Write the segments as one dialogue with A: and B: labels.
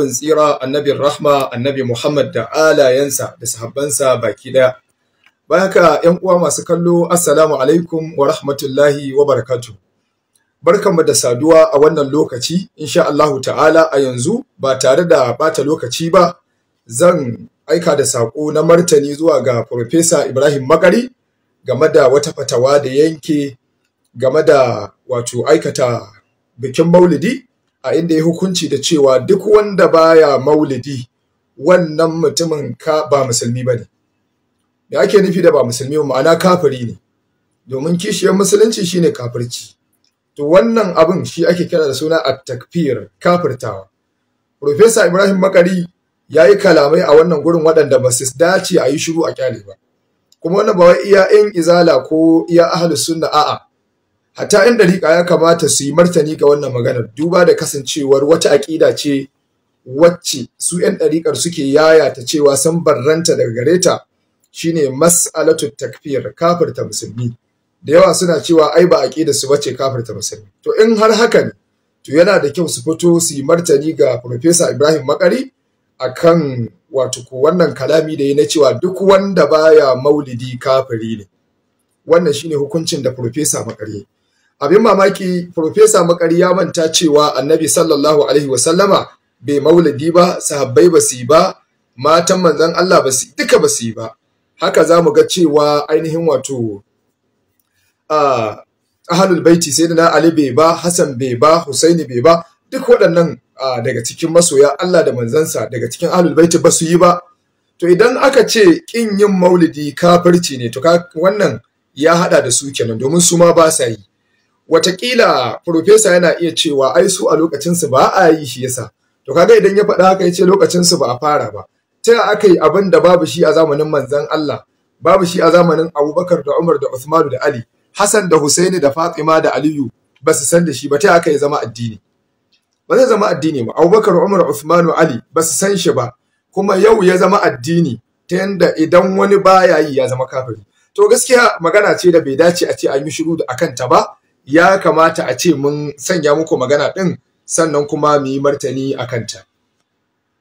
A: Bin tsira annabin rahma annabi muhammad da alayensa da sahabbansa baki daya bayan ka yan uwa masu kallo assalamu alaikum wa rahmatullahi wa barakatu barkanmu da saduwa a wannan lokaci insha Allahu ta'ala a yanzu ba tare da bata lokaci ba zan aika da sako na martani zuwa ga Profesa Ibrahim Makari game da wata fatawa da yanke game da wato aikata bikin maulidi a inda ya hukunci da cewa duk wanda baya maulidi wannan mutumin ka ba musulmi ba ne da ake nufi da ba musulmi ba ma'ana kafiri ne domin kishiyar musulunci shine kafirci to wannan abin shi ake kira da suna at-takfir kafirtawa Profesa Ibrahim Makari ya yi kalamai a wannan gurin waɗanda ba su dace a yi shiru a kyale ba kuma wannan ba wai iya yan izala ko iya ahlus sunna a'a hatta yan dariƙa ya kamata su yi martani ga wannan maganar duba da kasancewar wata aƙida ce wacce su yan ɗariƙar suke yaya ta cewa san barranta daga gare ta shine mas'alatu takfir kafirta musulmi da yawa suna cewa ai ba aƙida su bace ta musulmi to in har haka ne to yana da kyau su fito su yi martani ga Profesa Ibrahim Makari akan wato ko wannan kalami da ya na cewa duk wanda baya maulidi kafiri ne wannan shine hukuncin da Profesa Makari abin mamaki profesa makari ya manta cewa annabi sallallahu alaihi wasallama bai maulidi ba sahabbai ba su ba matan manzon Allah ba su duka ba su ba haka za mu ga cewa ainihin wato ahalul baiti sai da Ali bai ba Hassan bai ba Husaini bai ba duk waɗannan daga cikin masoya Allah da manzansa daga cikin ahalul baiti ba su yi ba to idan aka ce kin yin maulidi kafirci ne to wannan ya hada da su kenan domin su ma ba sa yi Wataƙila profesa yana iya cewa ai su a lokacin su ba a yi shi yasa to kaga idan ya faɗa haka ya ce su ba a fara ba ta aka yi abin da babu shi a zamanin manzon Allah babu shi a zamanin Abubakar da Umar da Uthman da Ali Hassan da Husaini da Fatima da Aliyu ba su san da shi ba ta aka yi zama addini ba zai zama addini ba Abubakar Umar Uthman Ali ba su san shi ba kuma yau ya zama addini ta yanda idan wani baya yi ya zama kafiri to gaskiya magana ce da bai dace a ce an yi shiru da akan ta ba ya kamata a ce mun sanya muku magana ɗin sannan kuma mu yi martani a kanta.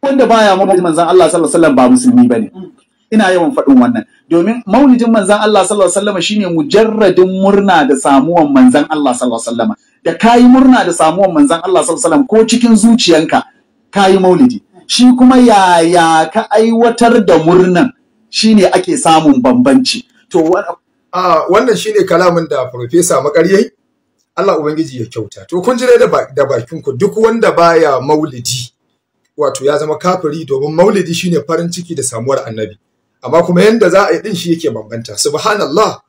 A: Wanda baya maulidin manzan Allah sallallahu alaihi wasallam ba musulmi bane. Mm. Ina yawan faɗin wannan domin maulidin manzan Allah sallallahu alaihi wasallam shine mujarradin murna da samuwan manzan Allah sallallahu
B: alaihi wasallam. Da kayi murna da samuwan manzan Allah sallallahu alaihi wasallam ko cikin zuciyanka kayi maulidi.
A: Shi kuma yaya ka aiwatar da murnan shine ake samun bambanci. To ah, wannan shine kalamin da "Profesa Makariyai Allah Ubangiji ya kyauta. To kun ji da bakin ku duk wanda baya maulidi wato ya zama kafiri domin maulidi shine farin ciki da samuwar annabi. Amma kuma yanda za a yi din shi yake bambanta. Subhanallah.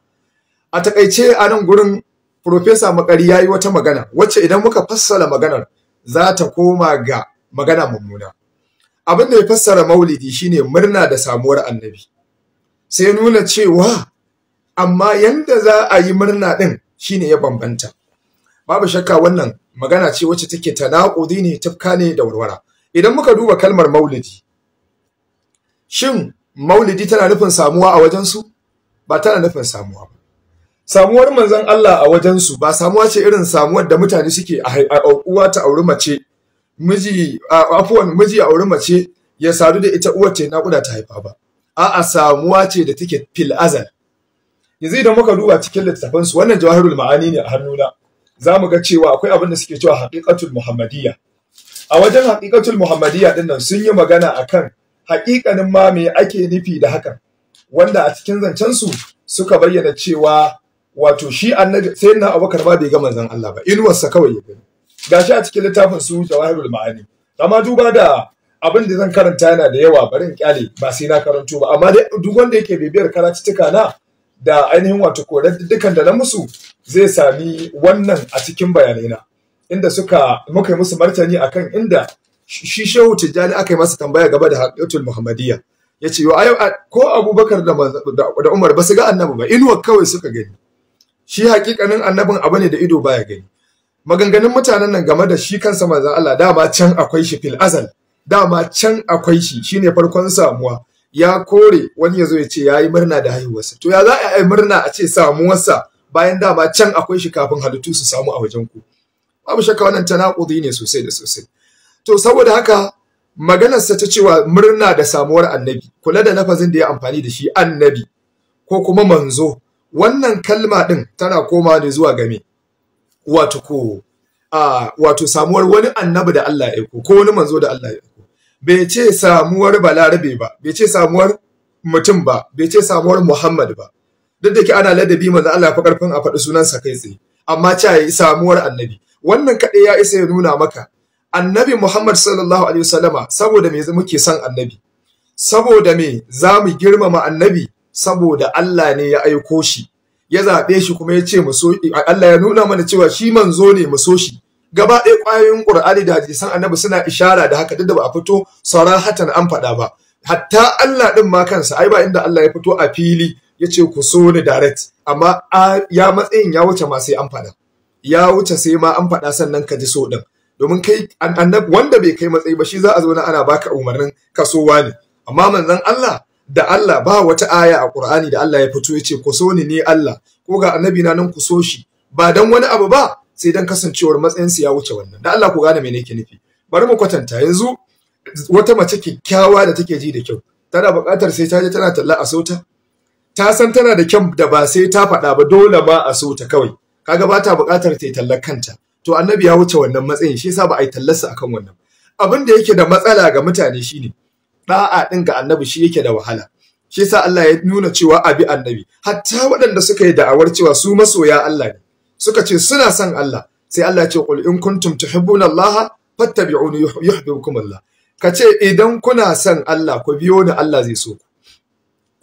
A: A takaice a nan gurin Professor Makari ya wata magana wacce idan muka fassara maganar za ta koma ga magana mummuna. Abin da ya fassara maulidi shine murna da samuwar annabi. Sai nuna cewa amma yanda za a yi murna din shine ya bambanta. babu shakka wannan magana ce wacce take tanakudi ne tafka ne da warwara idan muka duba kalmar maulidi shin maulidi tana nufin samuwa a wajensu ba tana nufin samuwa ba samuwar manzon Allah a wajensu ba samuwa ce irin samuwar da mutane suke a uwa ta auri mace miji afwan miji a auri mace ya sadu da ita uwar ce naƙuda ta haifa ba a'a samuwa ce da take fil azal yanzu idan muka duba cikin su wannan jawahirul ma'ani ne a hannuna za mu ga cewa akwai abin da suke cewa haƙiƙatul muhammadiyya a wajen haƙiƙatul muhammadiyya din nan sun yi magana akan haƙiƙanin ma me ake nufi da hakan wanda a cikin zancensu suka bayyana cewa wato shi annabi sai na abubakar ma bai ga manzon Allah ba wasa kawai ya gani gashi a cikin littafin su jawahirul ma'ani amma duba da abin da zan karanta yana da yawa bari in kyale ba sai na karanto ba amma duk wanda yake bibiyar karatuttuka na da ainihin wato korar dukkan da na musu zai sami wannan a cikin bayanaina inda suka muka yi musu martani akan inda shi shehu tijjani aka yi masa tambaya gaba da haƙƙatul muhammadiyya ya ce ko abubakar da umar ba su ga annabi ba inuwa kawai suka gani shi hakikanin annabin abu ne da ido baya gani maganganun mutanen nan game da shi kansa manzon Allah dama can akwai shi fil azal dama can akwai shi shine farkon samuwa ya kore wani ya zo ya ce ya yi murna da haihuwarsa to ya za a yi murna a ce samuwarsa bayan dama can akwai shi kafin halittu su samu a wajen ku babu shakka wannan tanakudi ne sosai da sosai to saboda haka maganarsa ta cewa murna da samuwar annabi kula da nafazin da ya amfani da shi annabi ko kuma manzo wannan kalma din tana koma ne zuwa game wato ko wato samuwar wani annabi da Allah ya aiko ko wani manzo da Allah ya aiko bai ce samuwar balarabe ba bai ce samuwar mutum ba bai ce samuwar muhammad ba duk da ke ana ladabi maza Allah ya fi karfin a faɗi sunansa kai tsaye amma ce yi samuwar annabi wannan kaɗai ya isa ya nuna maka annabi muhammad sallallahu alaihi wasallama saboda me muke son annabi saboda me za mu girmama annabi saboda Allah ne ya aiko shi ya zaɓe shi kuma ya ce Allah ya nuna mana cewa shi manzo ne mu so shi gaba ɗaya ƙwayoyin ƙur'ani da hadisan annabi suna ishara da haka duk da ba a fito sarahatan an faɗa ba hatta Allah ɗin ma kansa ai ba inda Allah ya fito a fili ya ce ku so ni direct amma ya matsayin ya wuce ma sai an faɗa ya wuce sai ma an faɗa sannan ka ji so ɗin domin kai annabi wanda bai kai matsayi ba shi za a zo na ana baka umarnin kasowa ne amma manzon Allah da Allah ba wata aya a Qur'ani da Allah ya fito ya ce ku so ni ni Allah ko ga annabi na nan ku so shi ba dan wani abu ba sai dan kasancewar matsayinsu ya wuce wannan dan Allah ku gane me nake nufi bari mu kwatanta yanzu wata mace kyakkyawa da take ji da kyau tana buƙatar sai ta je tana talla a sota ta san tana da kyau da ba sai ta faɗa ba dole ma a sota kawai kaga ba ta buƙatar ta yi talla kanta to annabi ya wuce wannan matsayin shi yasa ba a yi tallarsa akan wannan abin da yake da matsala ga mutane shine da'a din ga annabi shi yake da wahala shi yasa Allah ya nuna cewa abi annabi hatta waɗanda suka yi da'awar cewa su masoya Allah ne suka ce suna son Allah sai Allah ce qul in kuntum tuhibbuna Allah fattabi'uni yuhibbukum Allah kace idan kuna son Allah ku biyo ni Allah zai so ku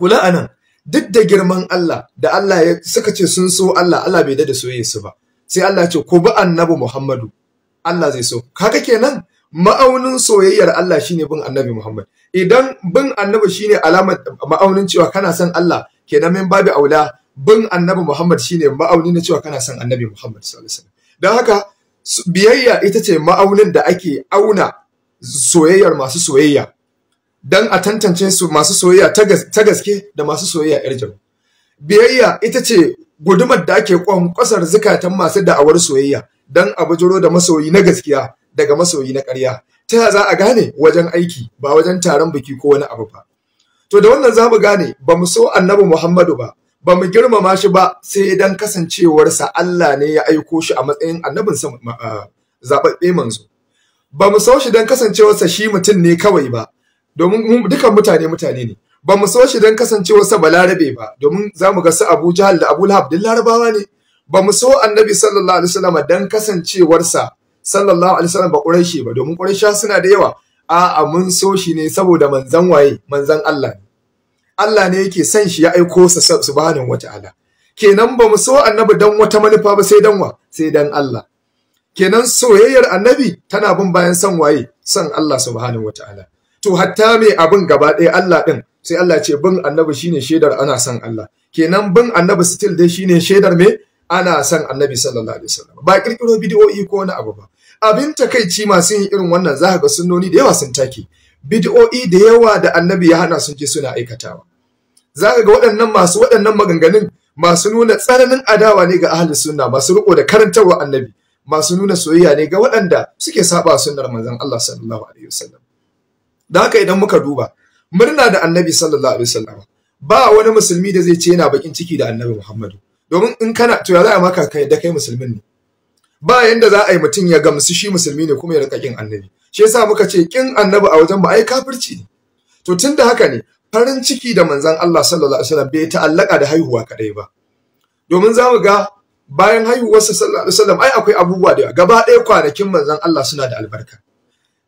A: kula anan duk da girman Allah da Allah ya suka ce sun so Allah Allah bai da soyayya su ba sai Allah ce ku bi annabi Muhammadu Allah zai so kaga kenan ma'aunin soyayyar Allah shine bin annabi Muhammad idan bin annabi shine alamar ma'aunin cewa kana son Allah kenan min babu aula bin annabi Muhammad shine ma'auni na cewa kana son annabi Muhammad sallallahu alaihi wasallam don haka biyayya ita ce ma'aunin da ake auna soyayyar masu soyayya don a tantance su masu soyayya ta gaske da masu soyayya yar jaru biyayya ita ce gudumar da ake kwankwasar zikatan masu da'awar soyayya don a bujuro da masoyi na gaskiya daga masoyi na karya. ta za a gane wajen aiki ba wajen taron biki ko wani abu ba to da wannan za mu gane ba mu so annabi muhammadu ba ba mu girmama shi ba sai dan kasancewarsa Allah ne ya aiko shi a matsayin sa zaɓaɓɓe manzo ba mu so shi dan kasancewarsa shi mutum ne kawai ba domin dukan mutane mutane ne ba mu so shi dan kasancewarsa balarabe ba domin za mu ga su Abu Jahal da Abu Lahab din larabawa ne ba mu so annabi sallallahu alaihi wasallam dan kasancewarsa sallallahu alaihi wasallam ba ƙuraishi ba domin ƙuraisha suna da yawa a'a mun so shi ne saboda manzan waye manzan Allah ne Allah ne yake san shi ya aiko sa subhanahu wata'ala kenan ba mu so annabi dan wata manufa ba sai dan wa sai dan Allah kenan soyayyar annabi tana bin bayan son waye san Allah subhanahu wata'ala to hatta me abin gaba ɗaya Allah ɗin sai Allah ce bin annabi shine shaidar ana son Allah kenan bin annabi still dai shine shaidar me ana son annabi sallallahu alaihi wasallam ba kirkiro bid'o'i ko wani abu ba abin takaici masu yin irin wannan zaka ga sunnoni da yawa sun take bid'o'i da yawa da annabi ya hana sun je suna aikatawa za ka ga waɗannan masu waɗannan maganganun masu nuna tsananin adawa ne ga ahalin sunna masu riko da karantarwa annabi masu nuna soyayya ne ga waɗanda suke saba sunnar manzon Allah sallallahu alaihi wasallam da haka idan muka duba murna da annabi sallallahu alaihi wasallam ba wani musulmi da zai ce yana bakin ciki da annabi Muhammadu domin in kana to ya za maka kai da kai musulmin ne ba yanda za a yi mutum ya gamsu shi musulmi ne kuma ya rika kin annabi shi yasa muka ce kin annabi a wajen ba ai kafirci ne to tunda haka ne farin ciki da manzan Allah sallallahu alaihi wasallam bai ta'allaka da haihuwa kadai ba domin zamu ga bayan haihuwarsa sallallahu alaihi wasallam ai akwai abubuwa da gaba ɗaya kwanakin manzan Allah suna da albarka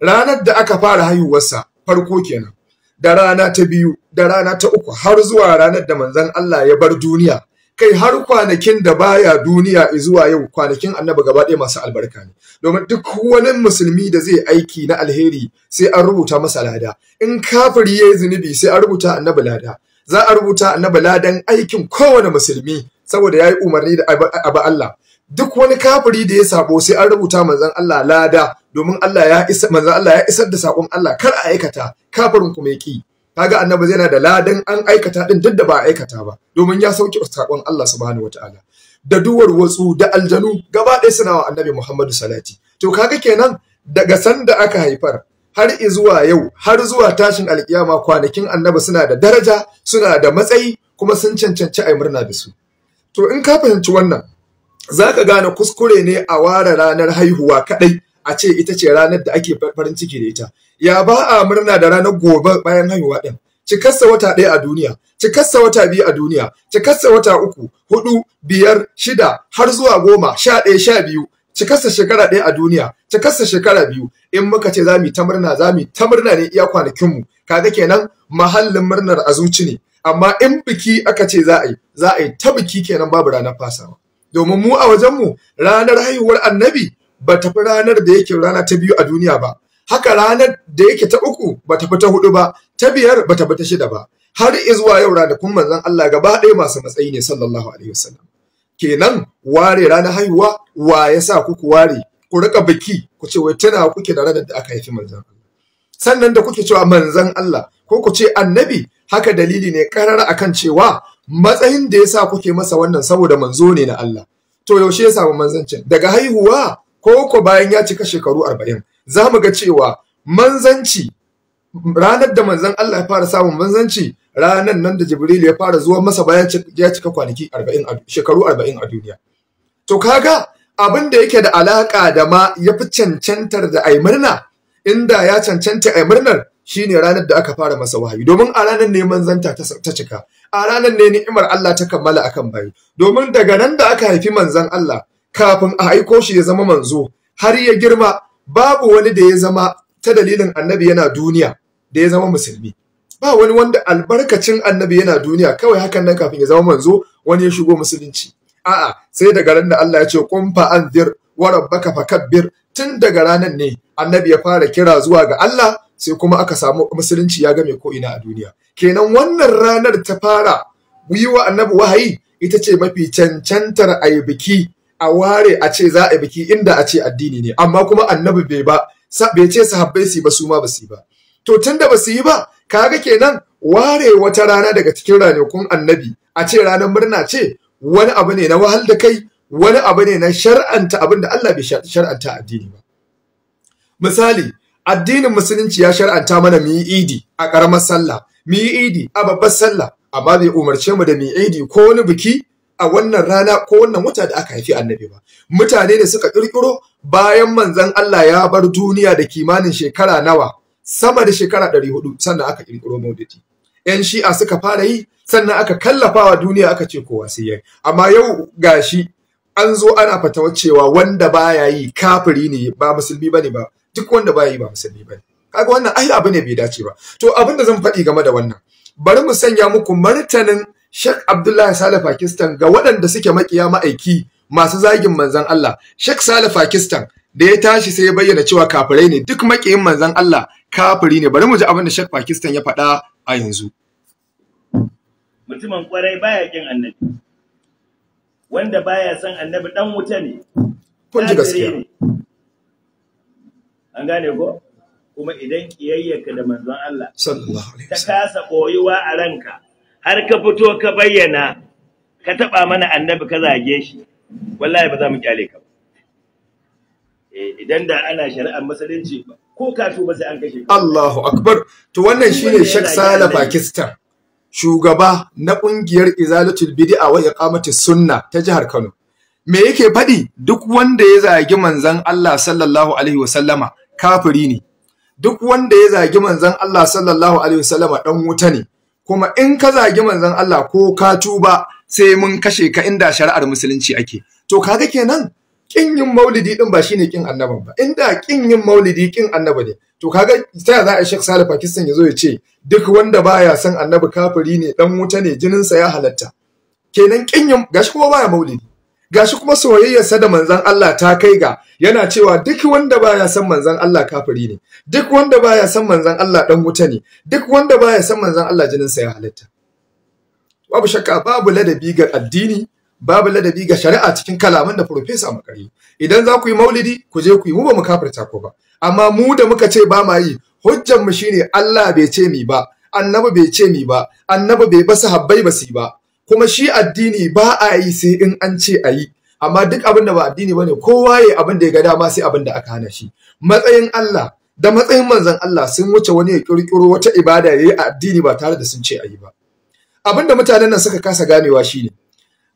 A: ranar da aka fara haihuwarsa farko kenan da rana ta biyu da rana ta uku har zuwa ranar da manzan Allah ya bar duniya kai har kwanakin da baya duniya zuwa yau kwanakin annabi gaba ɗaya masu albarka ne domin duk wani musulmi da zai aiki na alheri sai an rubuta masa lada in kafiri yayi zunubi sai an rubuta annabi lada za a rubuta annabi ladan aikin kowane musulmi saboda yayi umarni da abu Allah duk wani kafiri da ya sabo sai an rubuta manzon Allah lada domin Allah ya isa manzon Allah ya isar da sakon Allah kar a aikata kafirin kuma ya kaga annabi zai na da ladan an aikata din duk da ba aikata ba domin ya sauke sakon Allah subhanahu wataala da duwar watsu da aljanu gaba ɗaya suna wa annabi Muhammadu salati to kaga kenan daga sanda aka haifar har zuwa yau har zuwa tashin alkiyama kwanakin annabi suna da daraja suna da matsayi kuma sun cancanci a murna da su to in ka fahimci wannan zaka gane kuskure ne a ware ranar haihuwa kadai a ce ita ce ranar da ake farin ciki da ita ya ba a murna da ranar gobe bayan haihuwa ɗin cikarsa wata ɗaya a duniya cikarsa wata biyu a duniya cikarsa wata uku hudu biyar shida har zuwa goma sha ɗaya sha biyu cikarsa shekara ɗaya a duniya cikarsa shekara biyu in muka ce za mu ta murna za mu ta murna ne iya kwanakin kwanakinmu kaga kenan mahallin murnar a zuci ne amma in biki aka ce za a yi za a yi ta biki kenan babu ranar fasawa domin mu a wajenmu ranar haihuwar annabi ba tafi ranar da yake rana ta biyu a duniya ba haka ranar da yake ta uku ba tafi ta hudu ba ta biyar ba tafi ta shida ba har izuwa yau ranakun manzon Allah gaba ɗaya masu matsayi ne sallallahu alaihi wasallam kenan ware ranar haihuwa wa ya sa kuku ware ku rika biki ku ce wai tana kuke da ranar da aka haifi manzon Allah sannan da kuke cewa manzon Allah ko ku ce annabi haka dalili ne karar akan cewa matsayin da ya sa kuke masa wannan saboda manzo ne na Allah to yaushe ya samu manzancin daga haihuwa Koko bayan ya cika shekaru arba'in za mu ga cewa manzanci ranar da manzan Allah ya fara samun manzanci ranar nan da Jibril ya fara zuwa masa bayan ya cika kwanaki shekaru arba'in a duniya to kaga abin da yake da alaƙa da ma ya fi cancantar da ai murna inda ya cancanta ai murnar shine ranar da aka fara masa wahayi domin a ranar ne manzanta ta cika a ranar ne ni'imar Allah ta kammala akan bayi domin daga nan da aka haifi manzan Allah kafin a aiko shi ya zama manzo har ya girma babu wani da ya zama ta dalilin annabi yana duniya da ya zama musulmi ba wani wanda albarkacin annabi yana duniya kawai hakan nan kafin ya zama manzo wani ya shigo musulunci a'a sai daga ran da Allah ya ce qum fa anzir wa rabbaka fakabbir tun daga ranan ne annabi ya fara kira zuwa ga Allah sai kuma aka samu musulunci ya game ko ina a duniya kenan wannan ranar ta fara yi wa annabi wahayi ita ce mafi cancantar ayi a ware a ce za a biki inda a ce addini ne amma kuma annabi bai ba bai ce sahabbai su ba su ma ba su ba to tunda ba su yi ba kaga kenan ware wata rana daga cikin ranakun annabi a ce ranar murna ce wani abu ne na wahal da kai wani abu ne na shar'anta abin da Allah bai shar'anta addini ba misali addinin musulunci ya shar'anta mana mu yi idi a karamar sallah mu yi idi a babbar sallah amma bai umarce mu da mu yi idi ko wani biki a wannan rana ko wannan wata da aka haifi annabi ba mutane ne suka ƙirƙiro bayan manzan Allah ya bar duniya da kimanin shekara nawa sama da shekara ɗari sannan aka ƙirƙiro maulidi yan shi'a suka fara yi sannan aka kallafa wa duniya aka ce kowa sai yayi amma yau shi an zo ana fatawa cewa wanda baya yi kafiri ne ba musulmi bane ba duk wanda baya yi ba musulmi bane kaga wannan ai abu ne bai dace ba to abin da zan faɗi game da wannan bari mu sanya muku martanin Sheikh Abdullahi Saleh Pakistan ga waɗanda suke makiya ma'aiki masu zagin manzan Allah. Sheikh Saleh Pakistan da ya tashi sai ya bayyana cewa kafirai ne duk makiyin manzan Allah kafiri ne. Bari mu ji abin da Sheikh Pakistan ya faɗa a yanzu.
C: Mutumin kwarai baya kin annabi. Wanda baya son annabi dan wuta ne. Kun ji gaskiya. An gane ko? Kuma idan kiyayyarka da manzon Allah. Sallallahu alaihi wasallam. Ta kasa koyuwa a ranka. har ka fito ka bayyana ka taɓa mana annabi ka zage shi wallahi ba za mu kyale ka eh, idan da ana shari'ar musulunci ko ka ba sai an kashe
A: Allahu akbar to wannan shine Sheikh Sala Pakistan shugaba na kungiyar Izalatul Bid'a wa Iqamati Sunna ta jihar Kano me yake faɗi duk wanda ya zagi manzon Allah sallallahu alaihi wasallama kafiri ne duk wanda ya zagi manzon Allah sallallahu alaihi wasallama dan wuta ne kuma in ka zagi manzon Allah ko ka tuba sai mun kashe ka inda shari'ar musulunci ake to kaga kenan kin yin maulidi din ba shine kin annaban ba inda kin yin maulidi kin annaba ne to kaga sai za a Sheikh Salih Pakistan yazo ya ce duk wanda baya son annabi kafiri ne dan wuta ne jininsa ya halatta kenan kin yin gashi kuma baya maulidi gashi kuma soyayyarsa da manzon Allah ta kai ga yana cewa duk wanda baya son manzon Allah kafiri ne duk wanda baya son manzon Allah dan wuta ne duk wanda baya son manzon Allah jinin sa ya halitta babu shakka babu ladabi ga addini babu ladabi ga shari'a cikin kalaman da professor makari idan za ku yi maulidi ku je ku yi mu ba mu kafirta ko ba amma mu da muka ce ba ma yi hujjar mu shine Allah bai ce mi ba annabi bai ce mi ba annabi bai basu habbai basi ba kuma shi addini ba a yi sai in an ce a yi amma duk abin da ba addini bane kowa ya abin da ya ga dama sai abin da aka hana shi matsayin Allah da matsayin manzon Allah sun wuce wani ya kirkiro wata ibada ya yi a addini ba tare da sun ce a yi ba abin da mutanen nan suka kasa ganewa shine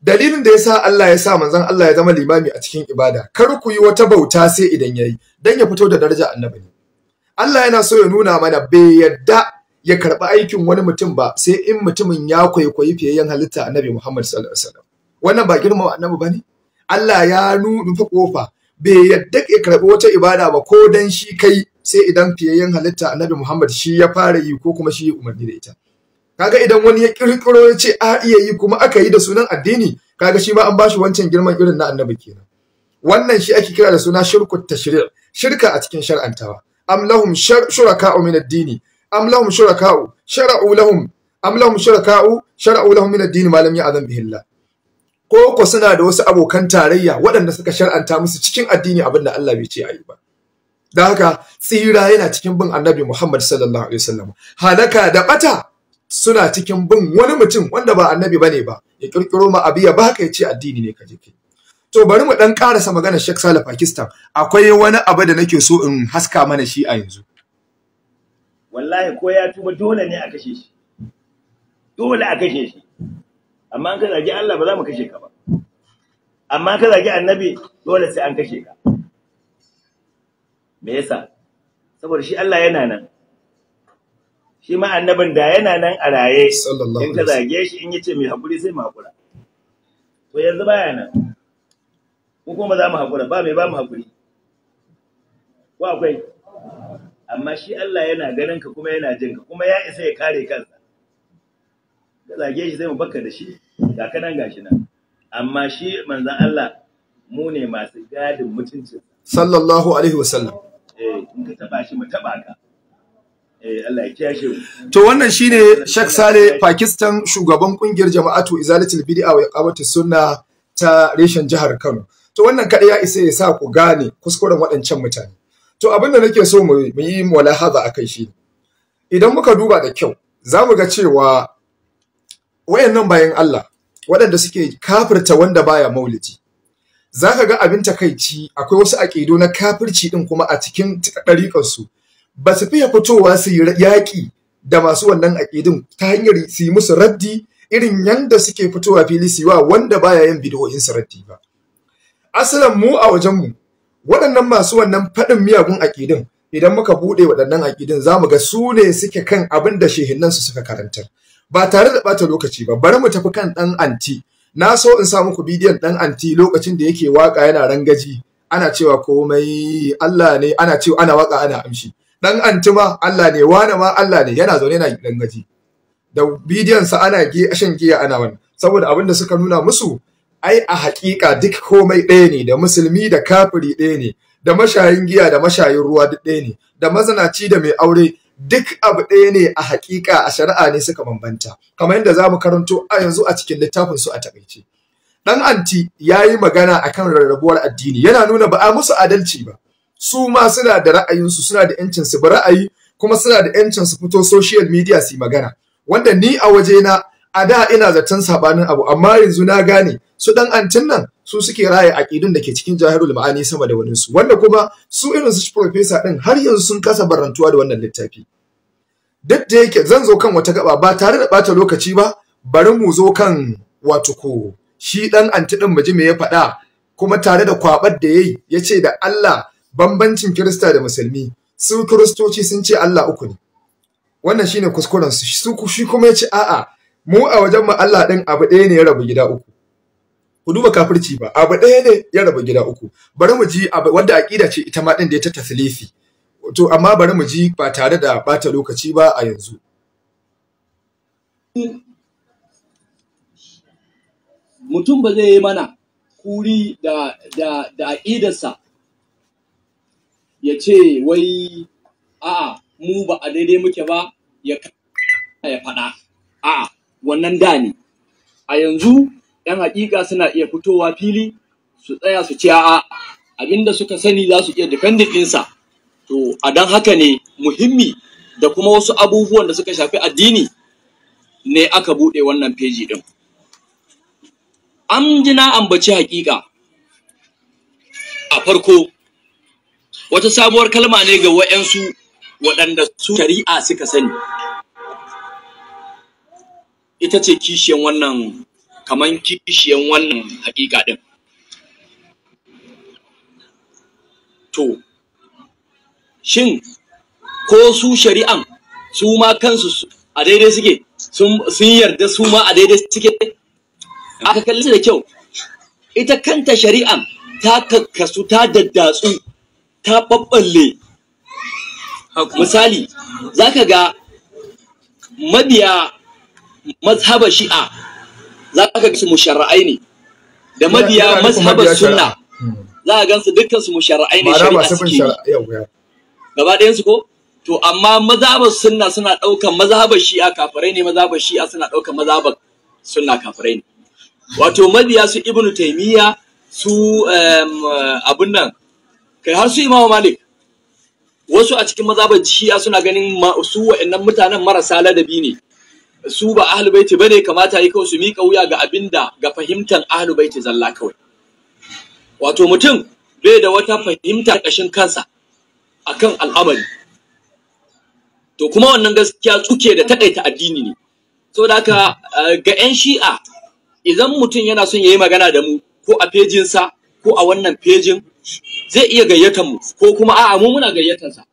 A: dalilin da yasa Allah ya sa manzon Allah ya zama limami a cikin ibada kar ku yi wata bauta sai idan yayi dan ya fito da daraja annabi Allah yana so ya nuna mana bai yadda ya karɓi aikin wani mutum ba sai in mutumin ya kwaikwayi fiyayyen halitta annabi Muhammad sallallahu alaihi wasallam wannan ba girmama annabi bane Allah ya nufa kofa bai yadda ya karɓi wata ibada ba ko dan shi kai sai idan fiyayyen halitta nabi Muhammad shi ya fara yi ko kuma shi ya umarni da ita kaga idan wani ya kirkiro ya ce a iya yi kuma aka yi da sunan addini kaga shi ma an bashi wancan girman irin na annabi kenan wannan shi ake kira da suna shirku tashri' shirka a cikin shar'antawa am lahum shuraka'u min ad-dini am lahum shuraka'u shara'u lahum am lahum shuraka'u shara'u lahum min ad-din ma lam ya'zan bihi ko ko suna da wasu abokan tarayya waɗanda suka shar'anta musu cikin addini abin da Allah bai ce ayi ba da haka tsira yana cikin bin annabi Muhammad sallallahu alaihi wasallam halaka da bata suna cikin bin wani mutum wanda ba annabi bane ba ya kirkiro ma abu ya baka ya ce addini ne kaje to bari mu dan karasa magana Sheikh Salih Pakistan akwai wani abu da nake so in haska mana shi a yanzu
C: wallahi ko ya tuba dole ne a kashe shi dole a kashe shi amma an ka zagi Allah ba za mu kashe ka ba amma ka zagi annabi dole sai an kashe ka me yasa saboda shi Allah yana nan shi ma annabin da yana nan a raye in ka zage shi in yace mai hakuri sai mu hakura to yanzu baya nan ko kuma za mu hakura ba mai ba mu hakuri ko akwai amma shi Allah yana ganin ka kuma yana jin ka kuma ya isa ya kare kansa da zage shi zai mu baka da shi ga kanan gashi nan amma shi manzon Allah mu ne masu gadin mutuncin
A: sallallahu alaihi wasallam
C: eh in ka taba shi mu taba ka eh, Allah ya mu.
A: To wannan shine Sheikh Saleh, Pakistan shugaban kungiyar jama'atu Izalatul Bid'a wa Iqamatu Sunna ta reshen jihar Kano. To wannan kada ya isa ya sa ku gane kuskuren waɗancan mutane. to abin da nake so mu yi mulahaza akai shi idan muka duba da kyau za mu ga cewa wayannan bayan Allah waɗanda suke kafirta wanda baya maulidi za ka ga abin takaici akwai wasu aƙido na kafirci ɗin kuma a cikin ɗariƙarsu ba su fiye fitowa su yi yaƙi da masu wannan aƙidun ta hanyar su yi musu raddi irin yanda suke fitowa fili su wa wanda baya yin bidiyoyin su raddi ba asalin mu a wajenmu waɗannan masu wannan faɗin miyagun aƙidin idan muka buɗe waɗannan aƙidin za mu ga su ne suke kan abin da shehinnan su suka karanta. ba tare da ɓata lokaci ba bari mu tafi kan ɗan anti na so in sa muku bidiyon ɗan anti lokacin da yake waƙa yana rangaji ana cewa komai Allah ne ana cewa ana waƙa, ana amshi ɗan anti ma Allah ne wani ma Allah ne yana zaune yana rangaji da bidiyon sa ana shan giya ana wani. saboda abin da suka nuna musu ai a haƙiƙa duk komai ɗaya ne da musulmi da kafiri ɗaya ne da mashayin giya da mashayin ruwa duk ɗaya ne da mazanaci da mai aure duk abu ɗaya ne a haƙiƙa a shari'a ne suka bambanta kamar yadda za mu karanto a yanzu a cikin littafin su a taƙaice Ɗan anti ya yi magana akan rarrabuwar addini yana nuna ba a musu adalci ba su ma suna da ra'ayinsu suna da yancin su ra'ayi kuma suna da yancin su fito social media su magana wanda ni a wajena a da ina zaton sabanin abu amma yanzu na gane su dan antin nan su suke a aƙidun da ke cikin jahilul ma'ani sama da wani su wanda kuma su irin su professor din har yanzu sun kasa barantuwa da wannan littafi duk da yake zan zo kan wata gaba ba tare da bata lokaci ba bari mu zo kan wato ko shi dan anti din mu ji me ya faɗa kuma tare da kwabar da yayi yace da Allah bambancin kirista da musulmi su kiristoci sun ce Allah uku ne wannan shine kuskuren su shi kuma yace a'a mu a wajen mu Allah din abu ɗaya ne ya rabu gida uku ku duba kafirci ba abu ɗaya ne ya rabu gida uku bari mu ji wanda aqida ce ita ma din da ya ta taslifi to amma bari mu ji ba tare da bata lokaci ba a yanzu
B: mutum ba zai yi mana kuri da da da aqidarsa ya ce wai a'a mu ba a daidai muke ba ya ya faɗa a'a wannan da ne a yanzu yan hakika suna iya fitowa fili su tsaya su ce a'a abinda suka sani za su iya defending ɗinsa to a don haka ne muhimmi da kuma wasu abubuwan da suka shafi addini ne aka buɗe wannan feji ɗin an ji na ambaci haƙiƙa. a farko wata sabuwar kalma ne ga wa'yansu waɗanda su shari'a suka sani ita ce kishiyan wannan kaman kishiyan wannan hakika din to shin ko su shari'an su ma kansu a daidai suke sun yarda su ma a daidai suke aka kalli da kyau ita kanta shari'an ta kakkasu ta daddatsu ta babballe misali zaka ga mabiya mazhabar shi'a za ka su musharra'ai ne da mabiya mazhabar sunna hmm. za ka gansu dukkan su musharra'ai ne shari'a suke gaba ɗayan su ko to amma mazhabar sunna suna ɗaukan mazhabar shi'a kafirai ne mazhabar shi'a suna ɗaukan mazhabar sunna kafirai ne wato mabiya su ibnu taymiya su abun nan kai har su imamu malik wasu a cikin mazhabar shi'a suna ganin su wa'annan mutanen marasa ladabi ne su ba ahlul baiti bane kamata yi kawai su mika wuya ga abinda ga fahimtar ahlul baiti zalla kawai wato mutum bai da wata fahimta kashin kansa akan al'amari to kuma wannan gaskiya tsuke da takaita addini ne so da haka eh, ga yan shi'a idan mutum yana son yi magana da mu ko a fejinsa ko a wannan fejin zai iya gayyatar mu ko kuma a'a mu muna gayyatar sa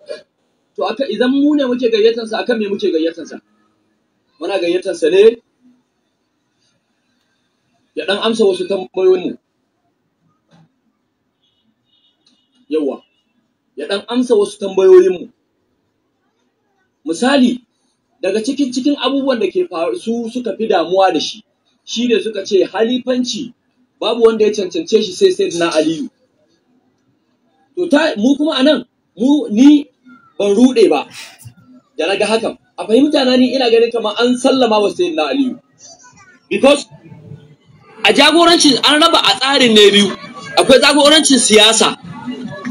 B: to aka idan mu ne muke gayyatar sa akan me muke gayyatar sa muna gayyatar sa ne ya dan amsa wasu tambayoyin mu yawa ya dan amsa wasu misali daga cikin cikin abubuwan da ke faru su suka fi damuwa da shi shi ne suka ce halifanci babu wanda ya cancance shi sai sai na aliyu to ta mu kuma anan mu ni ban rude ba da na ga hakan a fahimta na ni ina ganin kamar an sallama wa sayyidina aliyu because a jagorancin an raba a tsarin ne biyu akwai jagorancin siyasa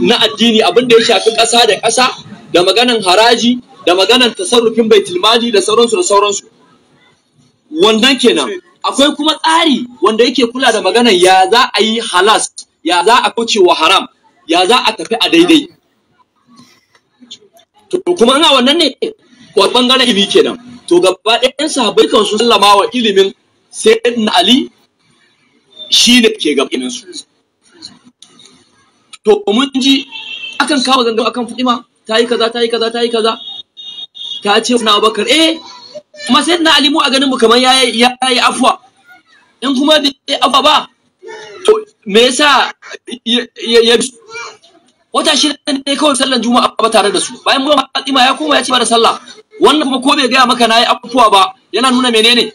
B: na addini abin da ya shafi ƙasa da ƙasa da maganan haraji da maganan tasarrufin baitulmali da sauransu da sauransu wannan kenan akwai kuma tsari wanda yake kula da maganan ya za a yi halas ya za a kauce wa haram ya za a tafi a daidai to kuma ina wannan ne ko bangaren ilimi kenan to gaba ɗayan sahabbai kan sun sallama wa ilimin sai na ali shi ne ke gabanin su to mun ji akan kama gangan akan fudima, ta yi kaza ta yi kaza ta yi kaza ta ce na abubakar eh kuma sai na ali mu a ganin mu kamar ya yi afuwa in kuma bai yi afuwa ba to me yasa ya wata shi dai kawai sallan juma'a ba tare da su bayan mu Fatima ya koma ya ci ba da sallah wannan kuma ko bai gaya maka nayi abubuwa ba yana nuna menene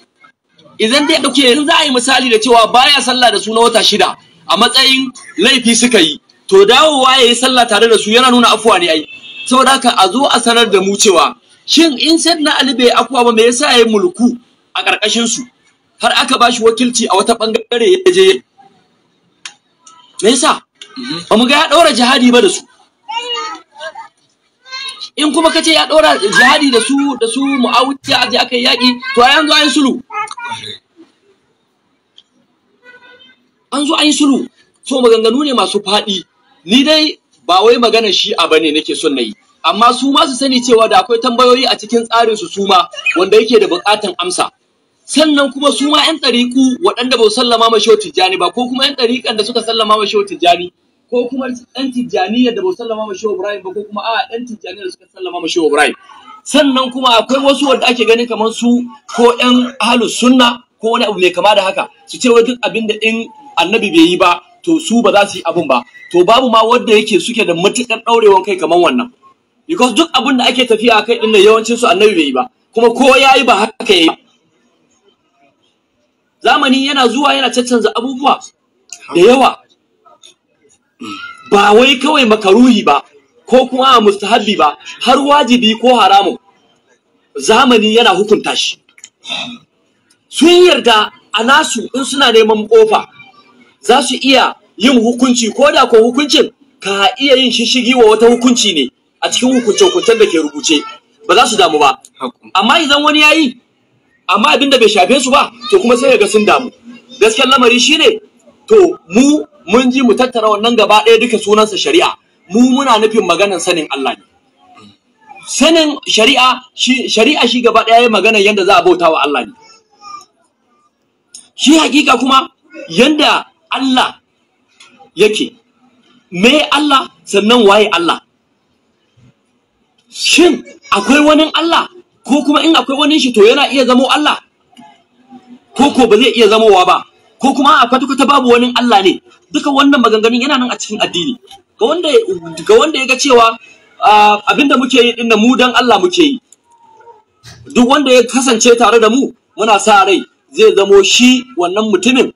B: idan dai dauke yanzu za a yi misali da cewa baya sallah da su na wata shida a matsayin laifi suka yi to dawowa ya yi sallah tare da su yana nuna afuwa ne ai saboda haka a zo a sanar da mu cewa shin in sai na Ali bai afuwa ba me yasa yi mulku a karkashin su har aka bashi wakilci a wata bangare ya je me yasa mm-hmm. ba mu ga ya daura jihadi ba da su in kuma kace ya dora jihadi da su da su muawiya aje aka yi yaki to ai an zo an sulu an zo an sulu so maganganu ne masu faɗi ni dai ba wai magana shi a bane nake son nayi amma su ma su sani cewa da akwai tambayoyi a cikin tsarin su suma wanda yake da bukatan amsa sannan kuma su ma 'yan ɗariƙu waɗanda ba su sallama ma shehu tijjani ba ko kuma 'yan tarikan da suka sallama ma wa tijjani ko kuma ɗan tijjaniyar da ba sallama ma Shehu Ibrahim ba ko kuma a ɗan tijjaniyar da suka sallama ma Shehu Ibrahim sannan kuma akwai wasu wanda ake ganin kamar su ko ɗan halu sunna ko wani abu mai kama da haka su ce wai duk abin da in annabi bai yi ba to su ba za su yi abin ba to babu ma wanda yake suke da matuƙar ɗaurewan kai kamar wannan because duk abin da ake tafiya kai ɗin nan yawancin su annabi bai yi ba kuma ko ya yi ba haka ya yi zamani yana zuwa yana caccanza abubuwa da yawa ba wai kawai makaruhi ba ko kuma a mustahabbi ba har wajibi ko haramun zamani yana hukunta shi sun yarda a nasu in suna neman kofa za su iya yin hukunci ko da ko hukuncin ka iya yin shishigi wa wata hukunci ne a cikin hukunce-hukuncen da ke rubuce ba za su damu ba amma idan wani yayi yi amma abin bai shafe su ba to kuma sai ga sun damu gaskiyar lamari shine to mu mun ji mu tattara wannan gaba ɗaya duka sunansa shari'a mu muna nufin maganan sanin Allah ne sanin shari'a shi shari'a shi gaba ɗaya maganan yanda za a bauta wa Allah ne shi hakika kuma yanda Allah yake me Allah sannan waye Allah shin akwai wani Allah ko kuma in akwai wani shi to yana iya zamo Allah ko ko ba zai iya zamowa ba ko kuma a kwata-kwata babu wani Allah ne duka wannan maganganun yana nan a cikin addini ga wanda ga wanda ya ga cewa abinda muke yi dinda mu dan Allah muke yi duk wanda ya kasance tare da mu muna sa rai zai zamo shi wannan mutumin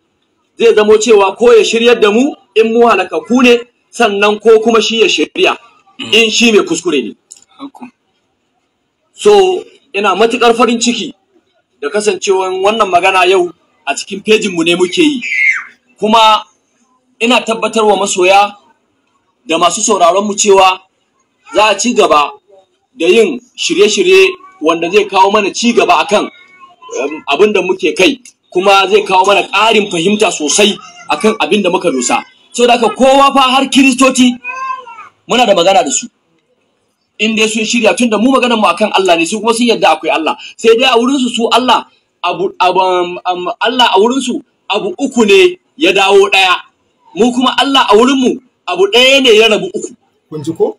B: zai zamo cewa ko ya shiryar da mu in mu halakaku ne sannan ko kuma shi ya shirya in shi mai kuskure ne so ina matukar farin ciki da kasancewan wannan magana yau a cikin mu ne muke yi kuma ina tabbatar wa masoya da masu sauraron mu cewa za a ci gaba da yin shirye-shirye wanda zai kawo mana ci gaba akan um, abin da muke kai kuma zai kawo mana ƙarin fahimta sosai akan abin da muka dosa so da kowa fa har kiristoci muna da magana da su in dai sun shirya tun da mu maganar mu akan Allah ne su kuma sun yarda akwai Allah sai dai a wurin su su Allah abu um, um, Allah a wurin su abu uku ne ya dawo ɗaya mu kuma Allah a wurinmu abu ɗaya ne ya rabu uku. Kun ji ko?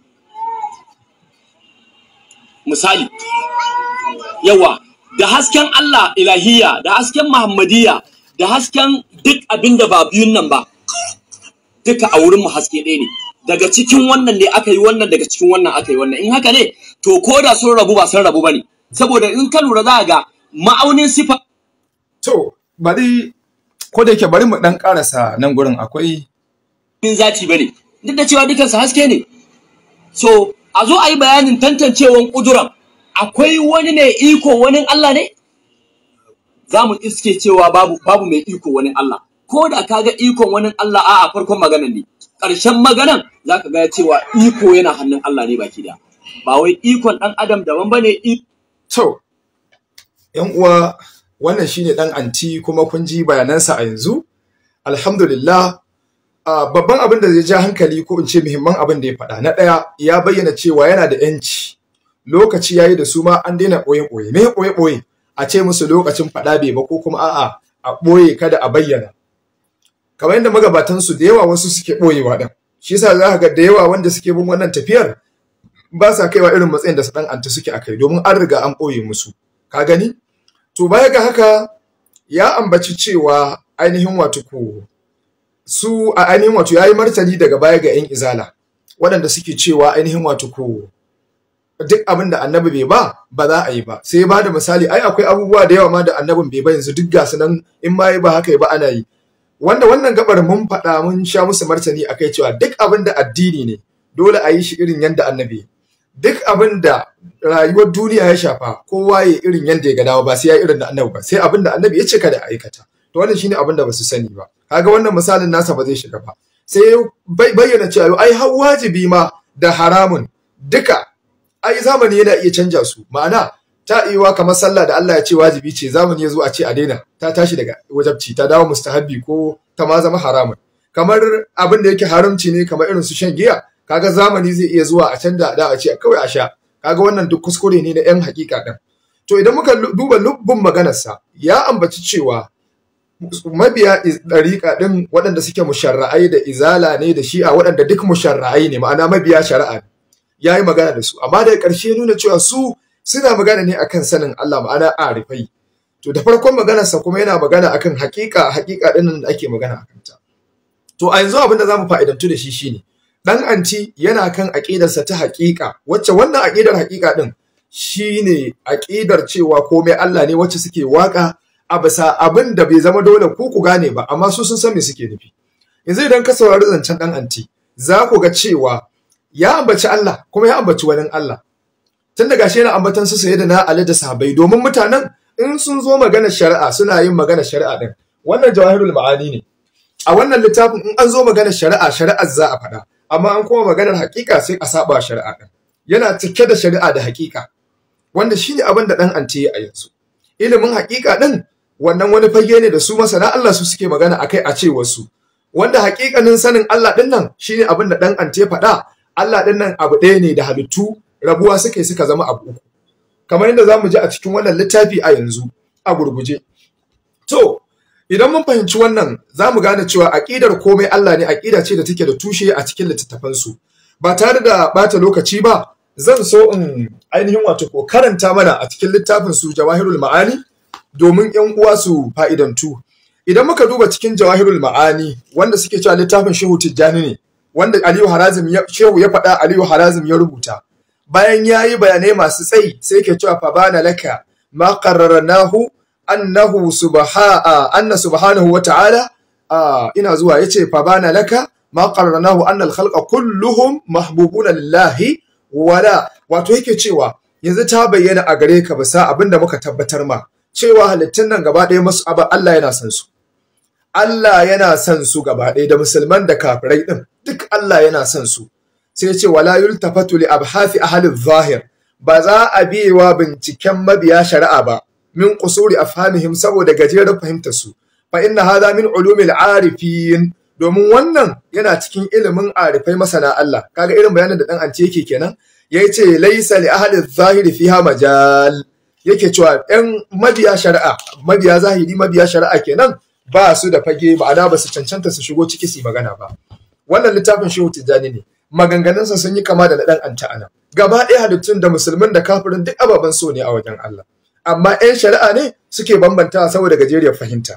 B: Misali, yawa, da hasken Allah ilahiya, da hasken Muhammadiyya, da hasken duk abin da ba biyun nan ba, duka a wurinmu haske ɗaya ne. Daga cikin wannan ne aka yi wannan, daga cikin wannan aka yi wannan. In haka ne, to ko da sun rabu ba sun rabu ba ne. Saboda
A: in ka lura za ga ma'aunin sifa. To, bari ko da yake bari mu dan karasa nan gurin akwai min zati bane duk da cewa sa haske ne so a zo a yi bayanin tantancewan kuduran akwai wani mai
B: iko wani Allah ne za mu iske cewa babu babu mai iko wani Allah ko da ka ga ikon wani Allah a a farkon maganar ne Karshen maganar za ka ga cewa
A: iko yana hannun Allah ne baki da ba wai ikon dan adam daban ba ne to yan uwa wannan shine dan anti kuma kun ji bayanansa a yanzu alhamdulillah uh, babban abin da zai ja hankali ko in ce muhimman abin da ya faɗa na ɗaya ya bayyana cewa yana da yanci lokaci yayi da su ma an daina ɓoye ɓoye me ɓoye ɓoye a ce musu lokacin faɗa bai ba ko kuma a'a a ɓoye kada a bayyana kamar yadda magabatan su da yawa wasu suke ɓoyewa ɗin shi yasa za ka ga da yawa wanda suke bin wannan tafiyar ba sa kaiwa irin matsayin da su ɗan anti suke a kai domin an riga an ɓoye musu ka gani to baya ga haka ya ambaci cewa ainihin wato ku su a ainihin wato ya yi martani daga baya ga 'yan izala waɗanda suke cewa ainihin wato ku duk abin da annabi bai ba ba za a yi ba sai ba da misali ai akwai abubuwa da yawa ma da annabin bai ba yanzu duk ga nan in ma yi ba haka ba ana yi wanda wannan gabar mun faɗa mun sha musu martani akai cewa duk abin da addini ne dole a yi shi irin yanda annabi duk abin da rayuwar duniya ya shafa kowa ya irin yadda ya gadawa ba sai ya irin da annabi ba sai abin da annabi ya ce da aikata to wannan shine abin da ba su sani ba kaga wannan misalin nasa ba zai shiga ba sai bayyana cewa ai har wajibi ma da haramun duka ai zamani yana iya canja su ma'ana ta iwa kamar sallah da Allah ya ce wajibi ce zamani ya zo a ce a daina ta tashi daga wajabci ta dawo mustahabbi ko ta ma zama haramun kamar abin da yake haramci ne kamar irin su shan giya kaga zamani zai iya zuwa a canza da a ce kawai a sha kaga wannan duk kuskure ne na yan hakika din to idan muka duba lubbun maganarsa ya ambaci cewa mabiya dariƙa ɗin waɗanda suke musharra'ai da izala ne da shi a waɗanda duk musharra'ai ne ma'ana mabiya shari'a ya yi magana da su amma daga ƙarshe nuna cewa su suna magana ne akan sanin Allah ma'ana arifai to da farkon maganarsa kuma yana magana akan hakika haƙiƙa ɗinnan da ake magana akan ta to a yanzu abin da za mu fa'idantu da shi shine dan anti yana kan aƙidarsa ta haƙiƙa wacce wannan aƙidar haƙiƙa din shine aƙidar cewa komai Allah ne wacce suke waka a bisa abin da bai zama dole ku ku gane ba amma su sun san me suke nufi yanzu idan ka saurari zancen dan anti za ku ga cewa ya ambaci Allah kuma ya ambaci wani Allah tun da gashi yana ambatan su saye da na Ali da sahabbai domin mutanen in sun zo magana shari'a suna yin magana shari'a din wannan jawahirul ma'ani ne a wannan littafin in an zo magana shari'a shari'ar za a faɗa amma an kuma maganar hakika sai a saba shari'a ɗin yana cike da shari'a da hakika wanda shine abin da ɗan ya a yanzu ilimin hakika ɗin wannan wani fage ne da su masana Allah su suke magana akai a ce wasu wanda hakikanin sanin Allah ɗin nan shine abin da ɗan faɗa Allah ɗin nan abu ɗaya ne da halittu rabuwa suke suka zama abu uku kamar yadda za mu ji a cikin wannan littafi a yanzu a gurguje to Idan mun fahimci wannan, za mu gane cewa aƙidar komai Allah ne aƙida ce da take da tushe a cikin littattafansu. Ba tare da bata lokaci ba, zan so in ainihin wato ko karanta mana a cikin littafin su Jawahirul Ma'ani domin ƴan uwa su fa'idantu. Idan muka duba cikin Jawahirul Ma'ani wanda suke cewa littafin Shehu Tijjani ne, wanda Aliyu Harazim ya Shehu ya faɗa Aliyu Harazim ya rubuta. Bayan yayi bayanai masu tsayi sai ke cewa fa bana laka ma qarrarnahu annahu subha'a anna subhanahu wa ta'ala ina zuwa yace fa bana laka ma qarranahu anna al-khalqa kulluhum mahbubuna lillahi wala wato yake cewa yanzu ta bayyana a gare ka ba, sa abinda muka tabbatar ma cewa halittun nan gaba ɗaya masu Allah yana san su Allah yana son su gaba ɗaya da musulman da kafirai ɗin duk Allah yana san su sai ce wala yultafatu li a ahli zahir ba za a biyewa binciken mabiya shari'a ba min kusuri afhamihim saboda gajeren fahimtar su fa inna hadha min ulumil arifin domin wannan yana cikin ilimin arifai masana Allah kaga irin bayanin da dan ance yake kenan yace laysa li ahli zahiri fiha majal yake cewa ɗan mabiya shari'a mabiya zahiri mabiya shari'a kenan ba su da fage ma'ana ba su cancanta su shigo ciki su magana ba wannan littafin shehu tijjani ne maganganunsa sun yi kama da na dan anta anan gaba ɗaya halittun da musulmin da kafirin duk ababen so ne a wajen Allah amma 'yan shari'a ne suke bambanta saboda gajeriyar fahimta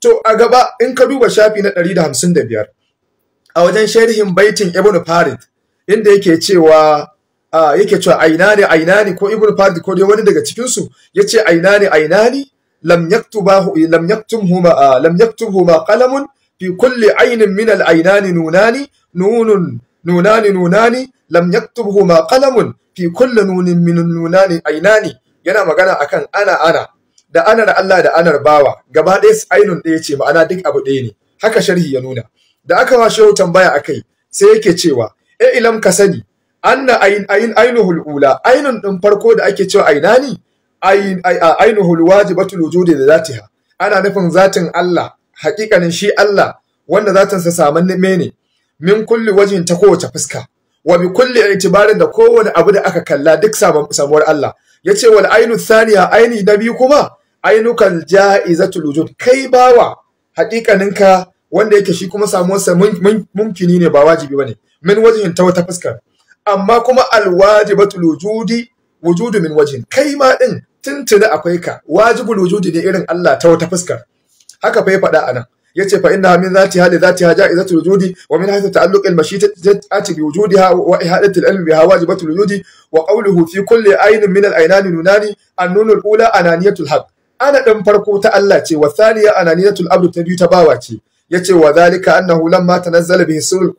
A: to a gaba in ka duba shafi na 155 a wajen sharhin baitin ibn farid inda yake cewa yake cewa ainani ne ko ibn farid ko dai wani daga cikin su yace aina ainani lam yaktubahu lam yaktumhuma lam yaktubhuma qalamun fi kulli ainin min al-ainani nunani nunun nunani nunani lam yaktubhuma qalamun fi kulli nunin min nunani ainani yana magana akan ana ana da anar Allah da anar bawa gaba ɗaya su ainun ɗaya ce ma'ana duk abu ɗaya ne haka sharhi ya nuna da aka wa shehu tambaya akai sai yake cewa e ilam ka sani anna ain ain ainuhul ula ainun ɗin farko da ake cewa ni ain ainuhul wajibatul wujudi da zatiha ana nufin zatin Allah hakikanin shi Allah wanda zatin sa saman ne ne min kulli wajhin ta kowace fuska wa bi kulli itibarin da kowane abu da aka kalla duk samuwar Allah yace wal ainu thaniya aini na biyu kuma ainukal ja'izatul wujud kai bawa Hakikaninka wanda yake shi kuma sa mumkini ne ba wajibi bane min wajhin ta wata fuskar amma kuma alwajibatul wujudi wujudu min wajhin kai ma din tuntuni akwai ka wajibul wujudi ne irin Allah ta wata fuskar haka fa ya faɗa anan yace fa inna min zati hali zati haja wujudi wa min haythu ta'alluq al mashitati bi wujudiha wa ihadatu ilmi ilm biha wajibatu wujudi wa qawluhu fi kulli aynin min al aynani nunani an nun al ula ananiyatul al ana dan farko ta Allah ce wa thaniya ananiyatu al ta biyu ta bawa ce yace wa zalika annahu lamma tanazzala bihi sirrul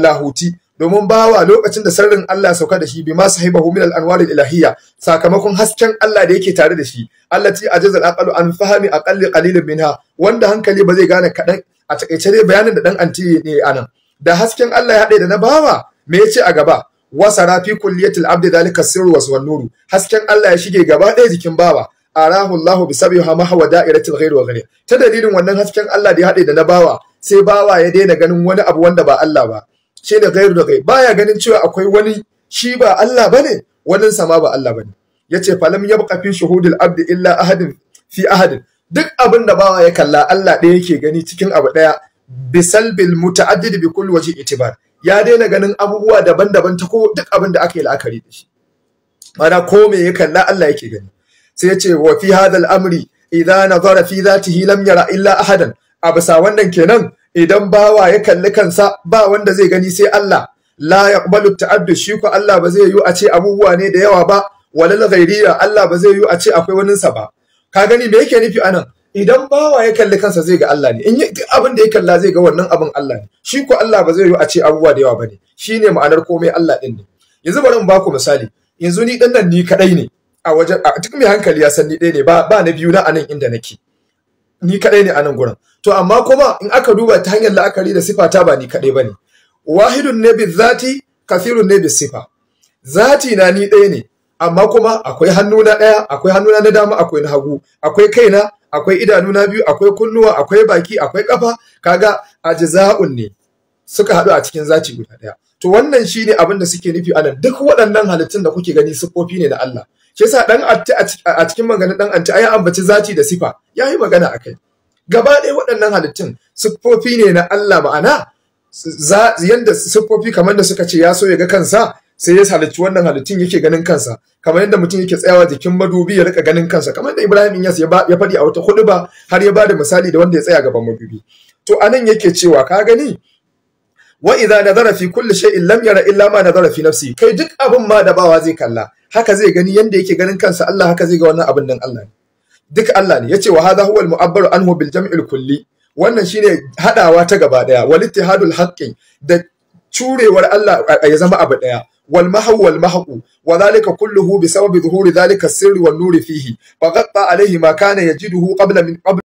A: lahuti domin bawa lokacin da sirrin Allah sauka da shi ma sahibahu min al-anwar al-ilahiyya sakamakon hasken Allah da yake tare da shi Allah allati ajazal aqalu an fahami aqalli qalilan minha wanda hankali ba zai gane kadan a takaice dai bayanin da dan anti ne anan da hasken Allah ya haɗe da na bawa me yace a gaba wasara fi kulliyatil abdi dalika sirru wa nuru hasken Allah ya shige gaba ɗaya jikin bawa arahu Allahu bi sabiha mahwa da'iratil ghayr wa ghayr ta dalilin wannan hasken Allah da ya hade da na bawa sai bawa ya daina ganin wani abu wanda ba Allah ba shi gairu da gai baya ganin cewa akwai wani shi ba Allah bane wannan sama ba Allah bane yace falam yabqa fi shuhudil abdi illa ahadin fi ahadin duk abin da bawa ya kalla Allah ɗaya yake gani cikin abu ɗaya bisalbil muta'addid bi kulli waje itibar ya daina ganin abubuwa daban-daban ta ko duk abin da aka yi la'akari da shi mana ko me ya kalla Allah yake gani sai yace wa fi hadal amri idza nazara fi zatihi lam yara illa ahadan a bisa wannan kenan idan bawa ya kalli kansa ba wanda zai gani sai Allah la yaqbalu ta'addu shi ko Allah ba zai yi a ce abubuwa ne da yawa ba walal ghairiya Allah ba zai yi a ce akwai waninsa ba ka gani me yake nufi anan idan bawa ya kalli kansa zai ga Allah ne in duk abin da ya kalla zai ga wannan abin Allah ne shi ko Allah ba zai yi a ce abubuwa da yawa ba ne shine ma'anar komai Allah din ne yanzu bari in ba ku misali yanzu ni dan nan ni kadai ne a wajen duk mai hankali ya san ni ɗaya ne ba ba na biyu na anan inda nake ni kadai ne anan gurin to amma kuma in aka duba ta hanyar la'akari da sifa ta ba ni kaɗai ba ne wahidun ne bi zati kathirun ne bi sifa zati na ni ɗaya ne amma kuma akwai hannu na ɗaya akwai hannu na dama akwai na hagu akwai kaina akwai idanu na biyu akwai kunnuwa akwai baki akwai kafa kaga ajza'un ne suka haɗu a cikin zati guda ɗaya to wannan shine abin da suke nufi anan duk waɗannan halittun da kuke gani sifofi ne na Allah shi yasa dan a cikin maganar dan anti ai ambaci zati da sifa yayi magana akai gaba ɗaya waɗannan halittun siffofi ne na Allah ma'ana yadda siffofi kamar da suka ce ya so ya ga kansa sai ya halicci wannan halittun yake ganin kansa kamar yadda mutum yake tsayawa jikin madubi ya rika ganin kansa kamar da Ibrahim yasa ya faɗi a wata ba, har ya bada misali da wanda ya tsaya gaban madubi to anan yake cewa ka gani wa idza nazara fi kulli shay'in lam yara illa ma nazara fi nafsi kai duk abin ma da bawa zai kalla haka zai gani yanda yake ganin kansa Allah haka zai ga wannan abin nan Allah duka Allah ne yace wa hadha huwa al anhu bil jam'il kulli wannan shine hadawa ta gaba daya wal ittihadul haqqi da curewar Allah ya zama abu daya wal mahaw wal mahqu wa dhalika kulluhu bi sababi dhuhuri dhalika sirri wan nuri fihi faqatta alayhi ma kana yajiduhu qabla min qabla